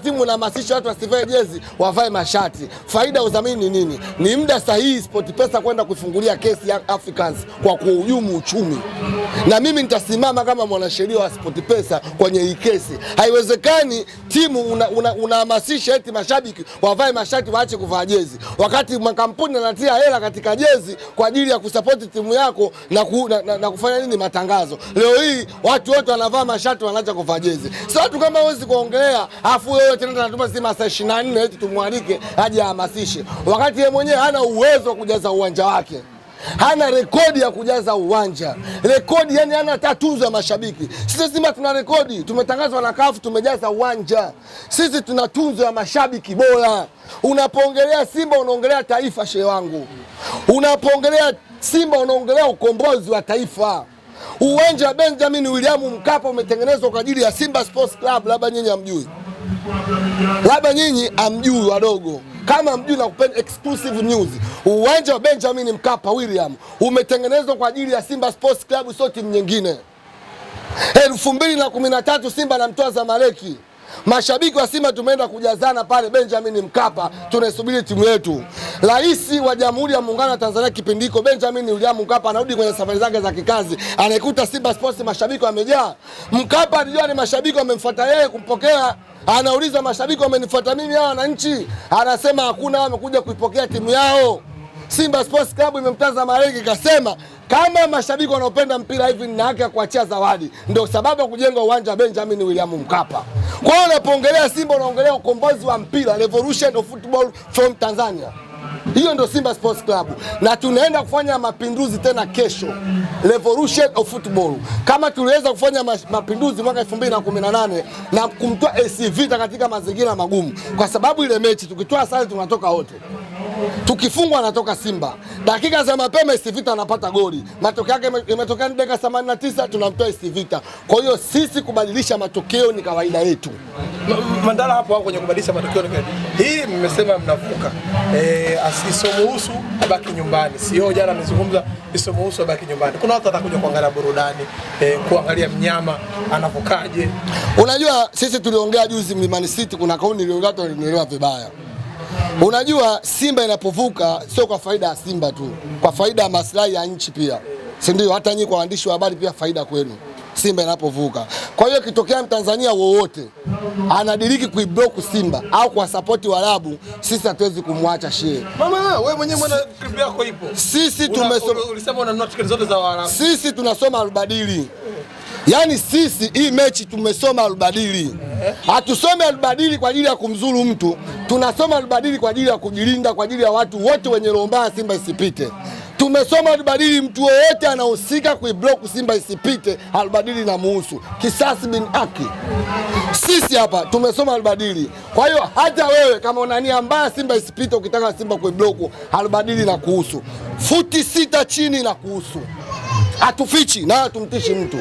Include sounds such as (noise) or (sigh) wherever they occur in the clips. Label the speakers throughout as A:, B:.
A: timu unahamasisha watu wasivae jezi, wavae mashati. Faida ya udhamini ni nini? Ni muda sahihi SportPesa kwenda kuifungulia kesi ya Africans kwa kuhujumu uchumi, na mimi nitasimama kama mwanasheria wa SportPesa kwenye hii kesi. Haiwezekani timu unahamasisha una, una eti mashabiki wavae mashati waache kuvaa jezi, wakati makampuni anatia hela katika jezi kwa ajili ya kusapoti timu yako na, ku, na, na, na kufanya nini matangazo. Leo hii watu wote wanavaa mashati wanaacha kuvaa jezi, si watu kama wezi kuongelea afu hiyo tena tunatuma sisi masaa 24 eti tumwalike aje ahamasishe, wakati yeye mwenyewe hana uwezo wa kujaza uwanja wake hana rekodi ya kujaza uwanja, rekodi yani hana tatuzo ya mashabiki. Sisi Simba tuna rekodi, tumetangazwa na kafu, tumejaza uwanja. Sisi tuna tunzo ya mashabiki bora. Unapoongelea Simba unaongelea taifa, shehe wangu. Unapoongelea Simba unaongelea ukombozi wa taifa. Uwanja wa Benjamin William Mkapa umetengenezwa kwa ajili ya Simba Sports Club, labda nyinyi hamjui labda nyinyi amjui wadogo kama mjui na kupenda exclusive news, uwanja wa Benjamin Mkapa William umetengenezwa kwa ajili ya Simba Sports Club, sio timu nyingine. elfu mbili na kumi na tatu Simba namtoa Zamaleki, mashabiki wa Simba tumeenda kujazana pale Benjamin Mkapa, tunasubiri timu yetu. Rais wa Jamhuri ya Muungano wa Tanzania kipindi hiko Benjamin William Mkapa anarudi kwenye safari zake za kikazi, anaikuta Simba Sports mashabiki wamejaa. Mkapa alijua ni mashabiki wamemfuata yeye kumpokea Anauliza mashabiki wamenifuata mimi hawa wananchi? Anasema hakuna, wamekuja kuipokea timu yao. Simba Sports Club imemtaza Marenge kasema kama mashabiki wanaopenda mpira hivi nina haki ya kuachia zawadi. Ndio sababu ya kujenga uwanja Benjamin William Mkapa. Kwa hiyo unapoongelea Simba unaongelea ukombozi wa mpira, revolution of football from Tanzania. Hiyo ndio Simba Sports Club, na tunaenda kufanya mapinduzi tena kesho, revolution of football. Kama tuliweza kufanya mapinduzi mwaka 2018 na kumtoa AC Vita katika mazingira magumu, kwa sababu ile mechi tukitoa sare tunatoka wote tukifungwa anatoka Simba dakika za mapema, Isivita anapata goli. Matokeo yake imetokea dakika 89, tunamtoa Isivita. Kwa hiyo sisi kubadilisha matokeo ni kawaida yetu.
B: Mandala hapo hapo kwenye kubadilisha matokeo ni hii, mmesema mnavuka e, asisomuhusu abaki nyumbani, sio jana amezungumza isomuhusu abaki nyumbani. Kuna watu watakuja kuangalia burudani e, kuangalia mnyama anavukaje.
A: Unajua sisi tuliongea juzi Mlimani City, kuna kauli niliongea tu nilielewa vibaya Unajua Simba inapovuka sio kwa faida ya Simba tu, kwa faida ya maslahi ya nchi pia, si ndio? Hata nyinyi kwa waandishi wa habari pia faida kwenu Simba inapovuka. Kwa hiyo kitokea Mtanzania wowote anadiriki kuiblock Simba au kuwasapoti Waarabu, sisi hatuwezi kumwacha shehe.
B: Mama wewe mwenyewe mwana clip yako ipo?
A: Sisi tumesoma, ulisema una notification zote za Waarabu. Sisi tunasoma albadili Yaani sisi hii mechi tumesoma albadili, hatusome albadili kwa ajili ya kumzuru mtu, tunasoma albadili kwa ajili ya kujilinda, kwa ajili ya watu wote wenye roho mbaya Simba isipite. Tumesoma albadili, mtu yeyote anahusika kuibloku Simba isipite, albadili na muhusu kisasi bin aki. Sisi hapa tumesoma albadili. Kwa hiyo hata wewe kama una nia mbaya Simba isipite, ukitaka Simba kuibloku albadili na kuhusu futi sita chini na kuhusu, hatufichi na tumtishi mtu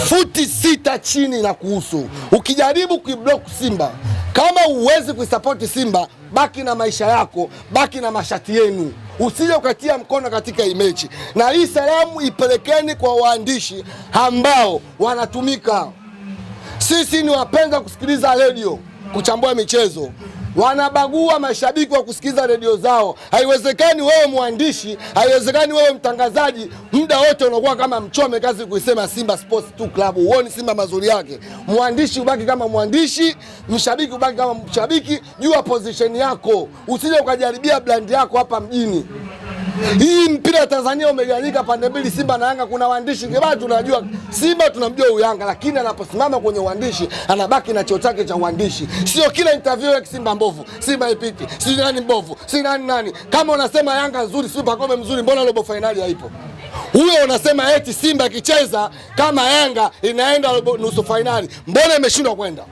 A: futi sita chini na kuhusu. Ukijaribu kuiblock Simba, kama uwezi kuisapoti Simba, baki na maisha yako, baki na mashati yenu, usije ukatia mkono katika hii mechi. Na hii salamu ipelekeni kwa waandishi ambao wanatumika. Sisi ni wapenda kusikiliza redio, kuchambua michezo wanabagua mashabiki wa kusikiza redio zao. Haiwezekani wewe mwandishi, haiwezekani wewe mtangazaji, muda wote unakuwa kama mchome kazi kuisema Simba Sports tu Club, huoni Simba mazuri yake. Mwandishi ubaki kama mwandishi, mshabiki ubaki kama mshabiki. Jua position yako, usije ukajaribia brand yako hapa mjini. Hii mpira Tanzania umegawanyika pande mbili, Simba na Yanga. Kuna waandishi kibao, tunajua Simba tunamjua huyu Yanga, lakini anaposimama kwenye uandishi anabaki na cheo chake cha uandishi. Sio kila interview ya Simba mbovu, Simba ipiti, si nani mbovu, si nani nani. Kama unasema Yanga nzuri, Simba Pacome mzuri, mbona robo fainali haipo? Huyo unasema eti Simba akicheza kama Yanga inaenda nusu fainali, mbona imeshindwa kwenda?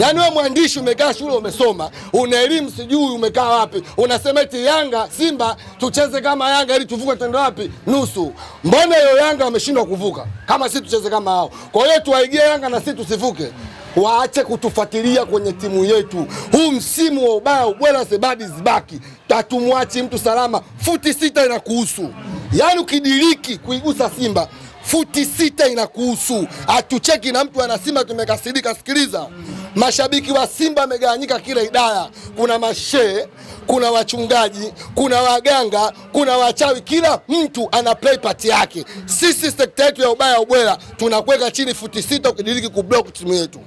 A: Yaani wewe mwandishi umekaa shule, umesoma, una elimu, sijui umekaa wapi, unasema eti Yanga Simba tucheze kama Yanga ili tuvuke tendo wapi nusu. Mbona hiyo Yanga wameshindwa kuvuka kama sisi tucheze kama hao? Kwa hiyo tuwaigie Yanga na sisi tusivuke. Waache kutufuatilia kwenye timu yetu. Huu msimu wa ubaya ubwela sebadi zibaki, tatumwachi mtu salama. Futi sita inakuhusu. Yaani ukidiriki kuigusa Simba futi sita inakuhusu, hatucheki na mtu Simba tumekasirika. Sikiliza, mashabiki wa Simba wamegawanyika kila idara, kuna mashee, kuna wachungaji, kuna waganga, kuna wachawi, kila mtu ana play part yake. Sisi sekta yetu ya ubaya ubwela tunakuweka chini futi sita ukidiriki kublock timu yetu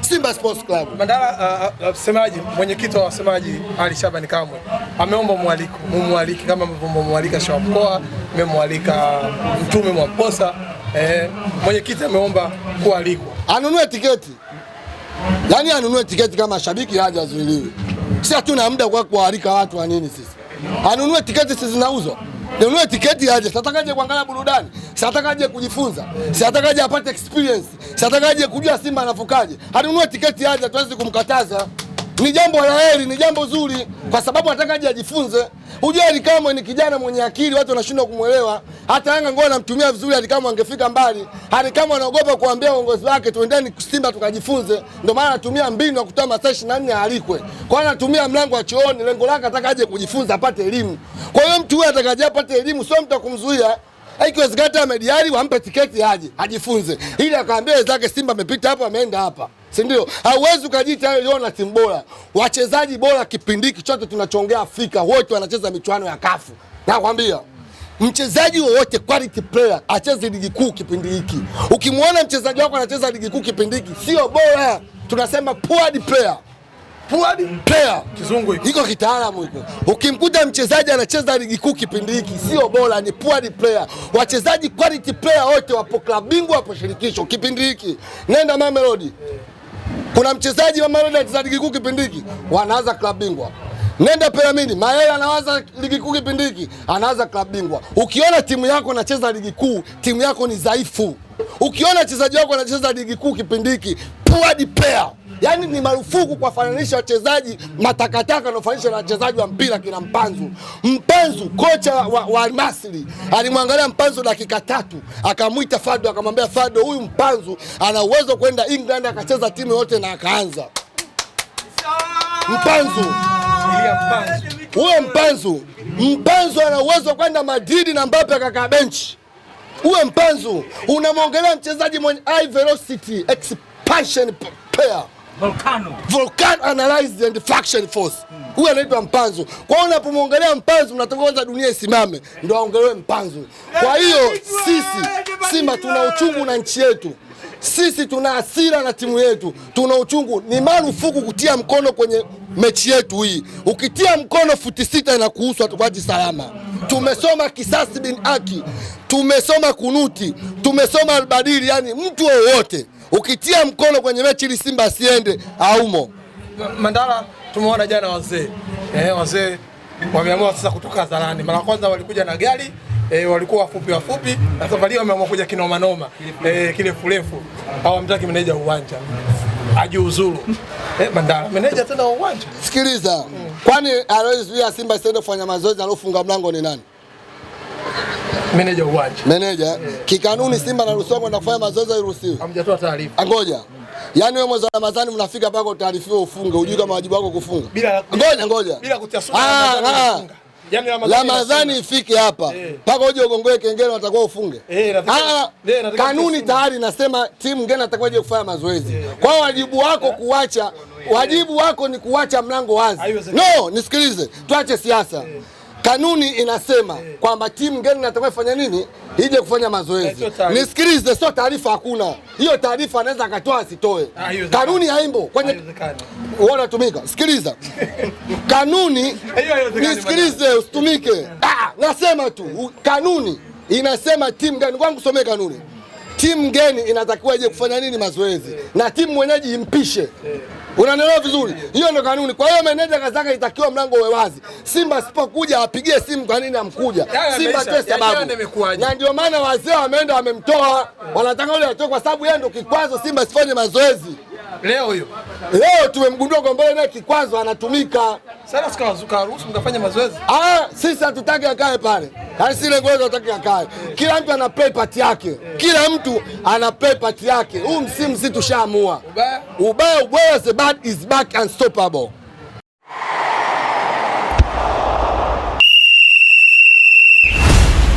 A: Simba Sports Club.
B: Mandala, uh, uh, semaji mwenyekiti wa wasemaji Ali Shabani Kamwe ameomba mwaliko, mumwalike kama mlivyomwalika Sheikh wa Mkoa, mmemwalika Mtume Mwamposa. Eh, mwenyekiti ameomba kualikwa,
A: anunue tiketi. Yaani anunue tiketi kama shabiki, haja azuiliwe. Sisi hatuna muda kwa kualika watu wa nini sisi. Anunue tiketi, sisi zinauzwa. Nunue tiketi aje, satakaje kuangalia burudani, satakaje kujifunza, satakaje apate experience, satakaje kujua Simba anavukaje. Anunue tiketi aje, tuwezi kumkataza ni jambo la heri, ni jambo zuri, kwa sababu anataka aje ajifunze. Hujua Ally ni kijana mwenye akili, watu wanashindwa kumwelewa. Hata Yanga ngoa anamtumia vizuri, Ally angefika mbali. Ally anaogopa kuambia uongozi wake, tuendeni Simba tukajifunze. Ndio maana anatumia mbinu ya kutoa masaa 24 alikwe, kwa anatumia mlango wa chooni. Lengo lake anataka aje kujifunza, apate elimu. Kwa hiyo mtu huyo atakaje apate elimu, sio mtu akumzuia ikiwezekana. mediari wampe tiketi aje ajifunze, ili akaambia wenzake Simba amepita hapa, ameenda hapa si ndio? Hauwezi ukajiita leo na timu bora. Wachezaji bora kipindi hiki chote tunachoongea Afrika wote wanacheza michuano ya kafu. Nakwambia mchezaji wowote quality player acheze ligi kuu kipindi hiki. Ukimwona mchezaji wako anacheza ligi kuu kipindi hiki sio bora, tunasema poor player. Poor player. Kizungu hiko. iko kitaalamu hiko. Ukimkuta mchezaji anacheza ligi kuu kipindi hiki sio bora, ni poor player. Wachezaji quality player wote wapo klabu bingwa, wapo shirikisho kipindi hiki. Nenda Mamelodi. Kuna mchezaji wa Mamelodi za ligi kuu kipindi hiki, wanaanza klabu bingwa. Nenda Piramidi, Mayele anaanza ligi kuu kipindi hiki, anaanza klabu bingwa. Ukiona timu yako anacheza ligi kuu, timu yako ni dhaifu. Ukiona wachezaji wako anacheza ligi kuu kipindi hiki, poor player Yaani ni marufuku kuwafananisha wachezaji matakataka wanaofanisha na wachezaji wa mpira kina Mpanzu. Mpanzu kocha wa, wa Almasri alimwangalia Mpanzu dakika tatu, akamwita Fado akamwambia Fado, huyu Mpanzu ana uwezo kwenda England akacheza timu yote na akaanza Mpanzu huyo Mpanzu, Mpanzu ana uwezo kwenda Madrid na Mbappe akakaa benchi. Uwe Mpanzu unamwongelea mchezaji mwenye high velocity expansion player. Volcano. Volcano analyze and faction force. Hmm. Huyu anaitwa Mpanzu. Kwa hiyo unapomwongelea Mpanzu unataka kwanza dunia isimame ndio aongelewe Mpanzu. Kwa hiyo sisi Simba tuna uchungu na nchi yetu. Sisi tuna hasira na timu yetu, tuna uchungu. Ni marufuku kutia mkono kwenye mechi yetu hii. Ukitia mkono futi sita kuhusu atubaji salama. Tumesoma kisasi bin aki, tumesoma kunuti, tumesoma albadili, yani mtu wowote ukitia mkono kwenye mechi ili Simba asiende aumo.
B: Mandala, tumeona jana wazee eh, wazee wameamua sasa kutoka zalani. Mara kwanza walikuja na gari E, walikuwa wafupi wafupi na safari wameamua kuja kinoma noma eh, kile furefu. mtaki meneja uwanja ajiuzuru. eh, Mandala meneja tena uwanja,
A: sikiliza mm. Kwani hawezi zuia Simba siende kufanya mazoezi, alofunga mlango ni nani? meneja uwanja, meneja kikanuni, Simba naruhusiwa kwenda kufanya mazoezi, hairuhusiwi.
B: Hamjatoa taarifa,
A: ah, ngoja Yaani wewe mwezi wa Ramadhani mnafika pako utaarifiwa ufunge, hujui kama wajibu wako kufunga. Bila, Ngoja ngoja. Bila kutia sura kufunga. Ah, ah. Yaani Ramadhani ifike hapa yeah. mpaka uje ugongoe kengele watakuwa ufunge. Eh, yeah, Yeah, Kanuni tayari nasema timu ngeni atakuwa je kufanya mazoezi. Yeah. Kwa wajibu wako yeah. kuacha, wajibu wako ni kuacha mlango wazi. No, nisikilize. Tuache siasa. Yeah. Kanuni inasema eh. kwamba timu gani inatakiwa ifanya nini, ije kufanya mazoezi. Eh, nisikilize, sio taarifa, hakuna hiyo taarifa, anaweza akatoa asitoe. Ah, kanuni haimbo kwenye wewe Sikiliza (laughs) kanuni, nisikilize, usitumike. Ah, nasema tu kanuni inasema timu gani, kwangu somee kanuni timu geni inatakiwa ije kufanya nini mazoezi na timu mwenyeji impishe. Unanielewa vizuri? Hiyo ndo kanuni. Kwa hiyo meneja kazaka itakiwa mlango uwe wazi. Simba asipokuja apigie simu, kwa nini amkuja yaani yaani Simba yaani tu sababu. Na ndio maana wazee wameenda wamemtoa, wanataka yule atoe, kwa sababu yeye ndo kikwazo Simba sifanye mazoezi leo hiyo. Leo tumemgundua kwamba yule naye kikwazo anatumika
B: Sasa sana, sikaruhusu mkafanya mazoezi.
A: Ah, sisi hatutaki akae pale, yaani si lengo letu, hatutaki akae. Kila mtu ana play part yake, kila mtu ana play part yake. Huu msimu si tushaamua ubaya ubaya, ubaya is back unstoppable